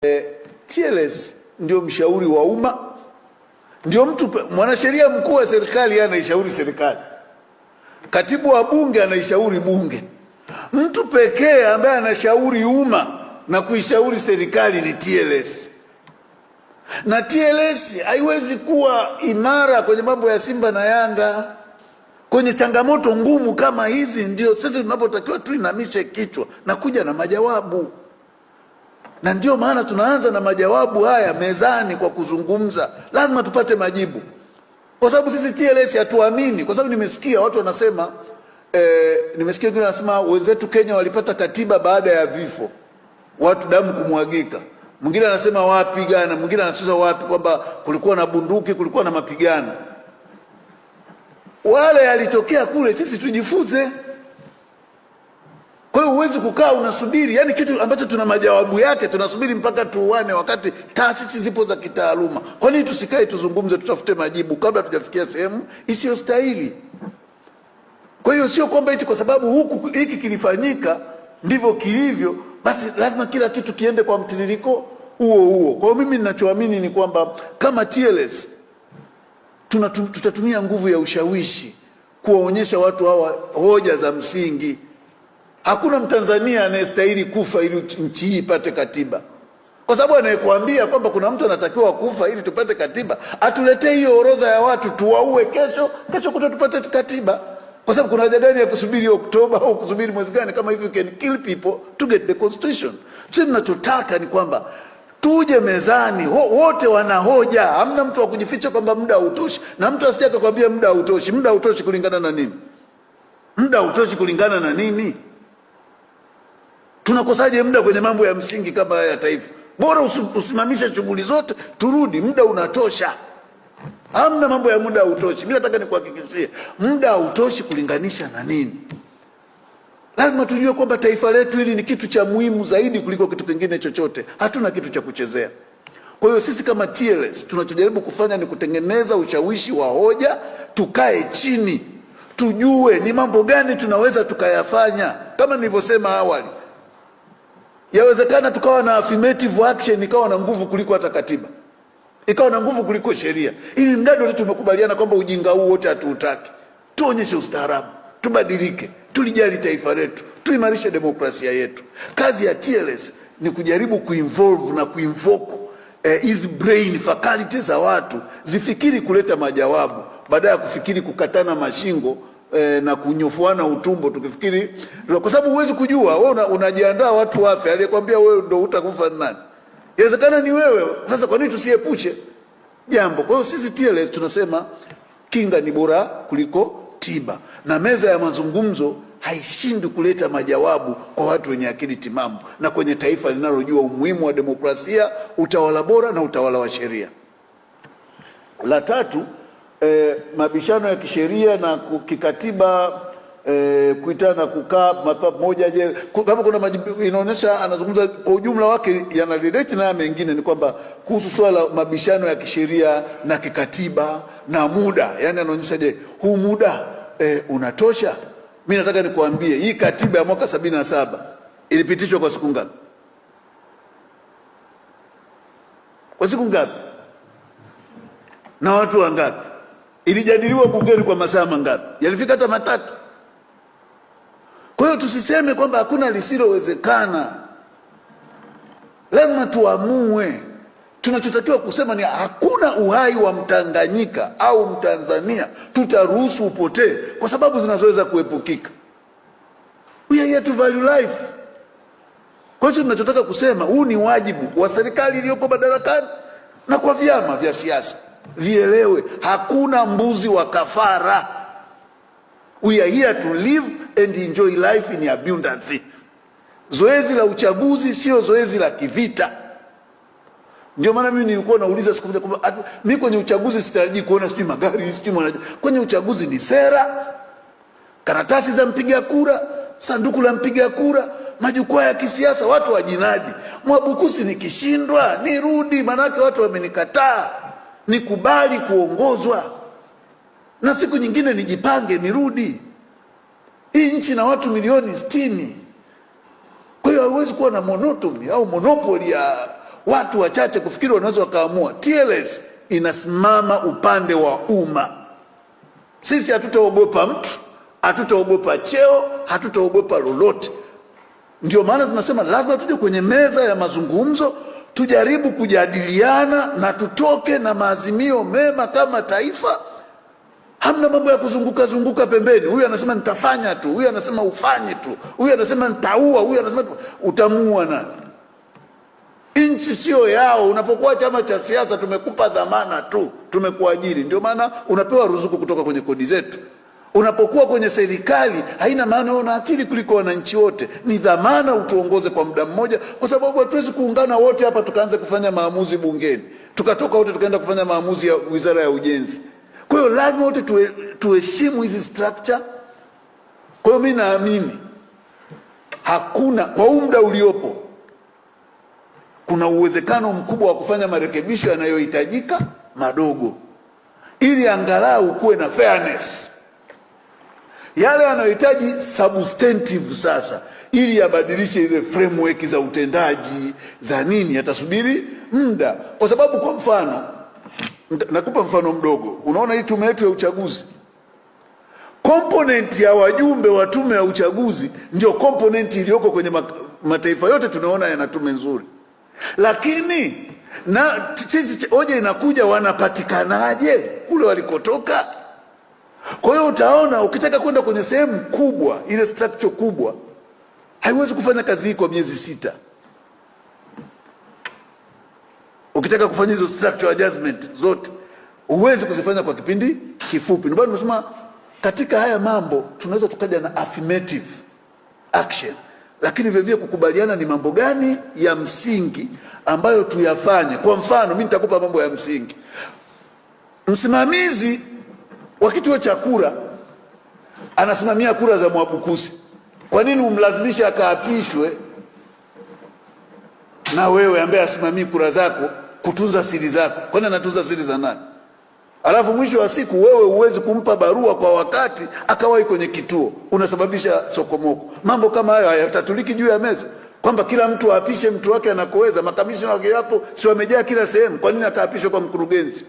E, eh, TLS ndio mshauri wa umma, ndio mtu mwanasheria mkuu wa serikali anaishauri serikali, katibu wa bunge anaishauri bunge. Mtu pekee ambaye anashauri umma na kuishauri serikali ni TLS, na TLS haiwezi kuwa imara kwenye mambo ya Simba na Yanga kwenye changamoto ngumu kama hizi. Ndio sisi tunapotakiwa tuinamishe kichwa na kuja na majawabu na ndio maana tunaanza na majawabu haya mezani kwa kuzungumza. Lazima tupate majibu, kwa sababu sisi TLS hatuamini, kwa sababu nimesikia watu wanasema eh, nimesikia wengine wanasema wenzetu Kenya walipata katiba baada ya vifo, watu damu kumwagika. Mwingine anasema gana, mwingine anasema wapi, kwamba kulikuwa na bunduki, kulikuwa na mapigano. Wale yalitokea kule, sisi tujifunze. Kwa hiyo huwezi kukaa unasubiri, yani kitu ambacho tuna majawabu yake tunasubiri mpaka tuuane, wakati taasisi zipo za kitaaluma. Kwa nini tusikae tuzungumze, tutafute majibu kabla tujafikia sehemu isiyostahili? Kwa hiyo sio kwamba eti kwa sababu huku hiki kilifanyika ndivyo kilivyo, basi lazima kila kitu kiende kwa mtiririko huo huo. Kwa hiyo mimi ninachoamini ni kwamba kama TLS tutatumia nguvu ya ushawishi kuwaonyesha watu hawa hoja za msingi. Hakuna Mtanzania anayestahili kufa ili nchi hii ipate katiba, kwa sababu anayekuambia kwamba kuna mtu anatakiwa kufa ili tupate katiba atuletee hiyo orodha ya watu tuwaue kesho, kesho kuto tupate katiba. Kwa sababu kuna haja gani ya kusubiri Oktoba au kusubiri mwezi gani, kama if you can kill people to get the constitution? Sisi tunachotaka ni kwamba tuje mezani ho, wote wanahoja hamna mtu wa kujificha kwamba muda hautoshi, na mtu asije akakwambia muda hautoshi. Muda hautoshi kulingana na nini? Muda hautoshi kulingana na nini? Tunakosaje muda kwenye mambo ya msingi kama haya ya taifa? Bora usimamishe shughuli zote, turudi, muda unatosha. Hamna mambo ya muda hautoshi. Mimi nataka nikuhakikishie, muda hautoshi kulinganisha na nini? Lazima tujue kwamba taifa letu hili ni kitu cha muhimu zaidi kuliko kitu kingine chochote. Hatuna kitu cha kuchezea. Kwa hiyo sisi kama TLS tunachojaribu kufanya ni kutengeneza ushawishi wa hoja, tukae chini, tujue ni mambo gani tunaweza tukayafanya, kama nilivyosema awali. Yawezekana tukawa na affirmative action ikawa na nguvu kuliko hata katiba, ikawa na nguvu kuliko sheria, ili mradi wote tumekubaliana kwamba ujinga huu wote hatuutaki. Tuonyeshe ustaarabu, tubadilike, tulijali taifa letu, tuimarishe demokrasia yetu. Kazi ya TLS ni kujaribu kuinvolve na kuinvoke hizi eh, brain faculty za watu zifikiri kuleta majawabu, baada ya kufikiri kukatana mashingo e, na kunyofuana utumbo tukifikiri, kwa sababu huwezi kujua wewe unajiandaa watu wafe, aliyekwambia wewe ndio utakufa ni nani? Inawezekana ni wewe. Sasa kwa nini tusiepushe jambo? Kwa hiyo sisi TLS tunasema kinga ni bora kuliko tiba, na meza ya mazungumzo haishindi kuleta majawabu kwa watu wenye akili timamu na kwenye taifa linalojua umuhimu wa demokrasia, utawala bora na utawala wa sheria. La tatu e, mabishano ya kisheria na kikatiba e, kuitana na kukaa moja Je, kama kuna inaonyesha anazungumza kwa ujumla wake, yana relate na mengine, ni kwamba kuhusu swala la mabishano ya kisheria na kikatiba na muda, yani anaonyesha, je, huu muda e, unatosha? Mi nataka nikuambie hii katiba ya mwaka sabini na saba ilipitishwa kwa siku ngapi? Kwa siku ngapi? Na watu wangapi? ilijadiliwa bungeni kwa masaa mangapi? Yalifika hata matatu. Kwa hiyo tusiseme kwamba hakuna lisilowezekana, lazima tuamue. Tunachotakiwa kusema ni hakuna uhai wa Mtanganyika au Mtanzania tutaruhusu upotee kwa sababu zinazoweza kuepukika. We are here to value life. Kwa hiyo tunachotaka kusema, huu ni wajibu wa serikali iliyoko madarakani na kwa vyama vya siasa. Vielewe, hakuna mbuzi wa kafara. We are here to live and enjoy life in abundance. Zoezi la uchaguzi sio zoezi la kivita. Ndio maana mimi nilikuwa nauliza siku moja kwamba mimi kwenye uchaguzi sitarajii kuona sijui magari sijui mwanaje. Kwenye uchaguzi ni sera, karatasi za mpiga kura, sanduku la mpiga kura, majukwaa ya kisiasa, watu wajinadi, Mwabukusi nikishindwa nirudi, manake watu wamenikataa nikubali kuongozwa na siku nyingine nijipange nirudi hii nchi na watu milioni sitini kwa hiyo hauwezi kuwa na monotomi au monopoli ya watu wachache kufikiri wanaweza wakaamua TLS inasimama upande wa umma sisi hatutaogopa mtu hatutaogopa cheo hatutaogopa lolote ndio maana tunasema lazima tuje kwenye meza ya mazungumzo tujaribu kujadiliana na tutoke na maazimio mema kama taifa. Hamna mambo ya kuzunguka zunguka pembeni, huyu anasema nitafanya tu, huyu anasema ufanye tu, huyu anasema nitaua, huyu anasema utamuua nani? Nchi sio yao. Unapokuwa chama cha siasa, tumekupa dhamana tu, tumekuajiri, ndio maana unapewa ruzuku kutoka kwenye kodi zetu. Unapokuwa kwenye serikali haina maana wewe una akili kuliko wananchi wote. Ni dhamana utuongoze kwa muda mmoja, kwa sababu hatuwezi kuungana wote hapa tukaanza kufanya maamuzi bungeni, tukatoka wote tukaenda kufanya maamuzi ya wizara ya ujenzi. Kwa hiyo lazima wote tuheshimu hizi structure. Kwa hiyo mi naamini hakuna, kwa huu muda uliopo, kuna uwezekano mkubwa wa kufanya marekebisho yanayohitajika madogo, ili angalau kuwe na fairness yale yanayohitaji substantive sasa ili yabadilishe ile framework za utendaji za nini, yatasubiri muda, kwa sababu kwa mfano nakupa mfano mdogo. Unaona hii tume yetu ya uchaguzi, komponenti ya wajumbe wa tume ya uchaguzi ndio komponenti iliyoko kwenye mataifa yote tunaona yana tume nzuri, lakini na sisi hoja inakuja, wanapatikanaje kule walikotoka? Kwa hiyo utaona ukitaka kwenda kwenye sehemu kubwa, ile structure kubwa haiwezi kufanya kazi hii kwa miezi sita. Ukitaka kufanya hizo structure adjustment zote huwezi kuzifanya kwa kipindi kifupi. Ndio nimesema katika haya mambo tunaweza tukaja na affirmative action, lakini vilevile kukubaliana ni mambo gani ya msingi ambayo tuyafanye. Kwa mfano, mi nitakupa mambo ya msingi. Msimamizi wa wa cha kura anasimamia kura za Mwabukusi. Kwa nini umlazimishe akaapishwe na wewe ambaye asimamii kura zako kutunza siri zako? Kwani anatunza siri za nani? Alafu mwisho wa siku wewe huwezi kumpa barua kwa wakati, akawahi kwenye kituo, unasababisha sokomoko. Mambo kama hayo hayatatuliki juu ya meza, kwamba kila mtu aapishe mtu wake anakoweza. Makamishna wake hapo si wamejaa kila sehemu, kwa nini akaapishwe kwa mkurugenzi?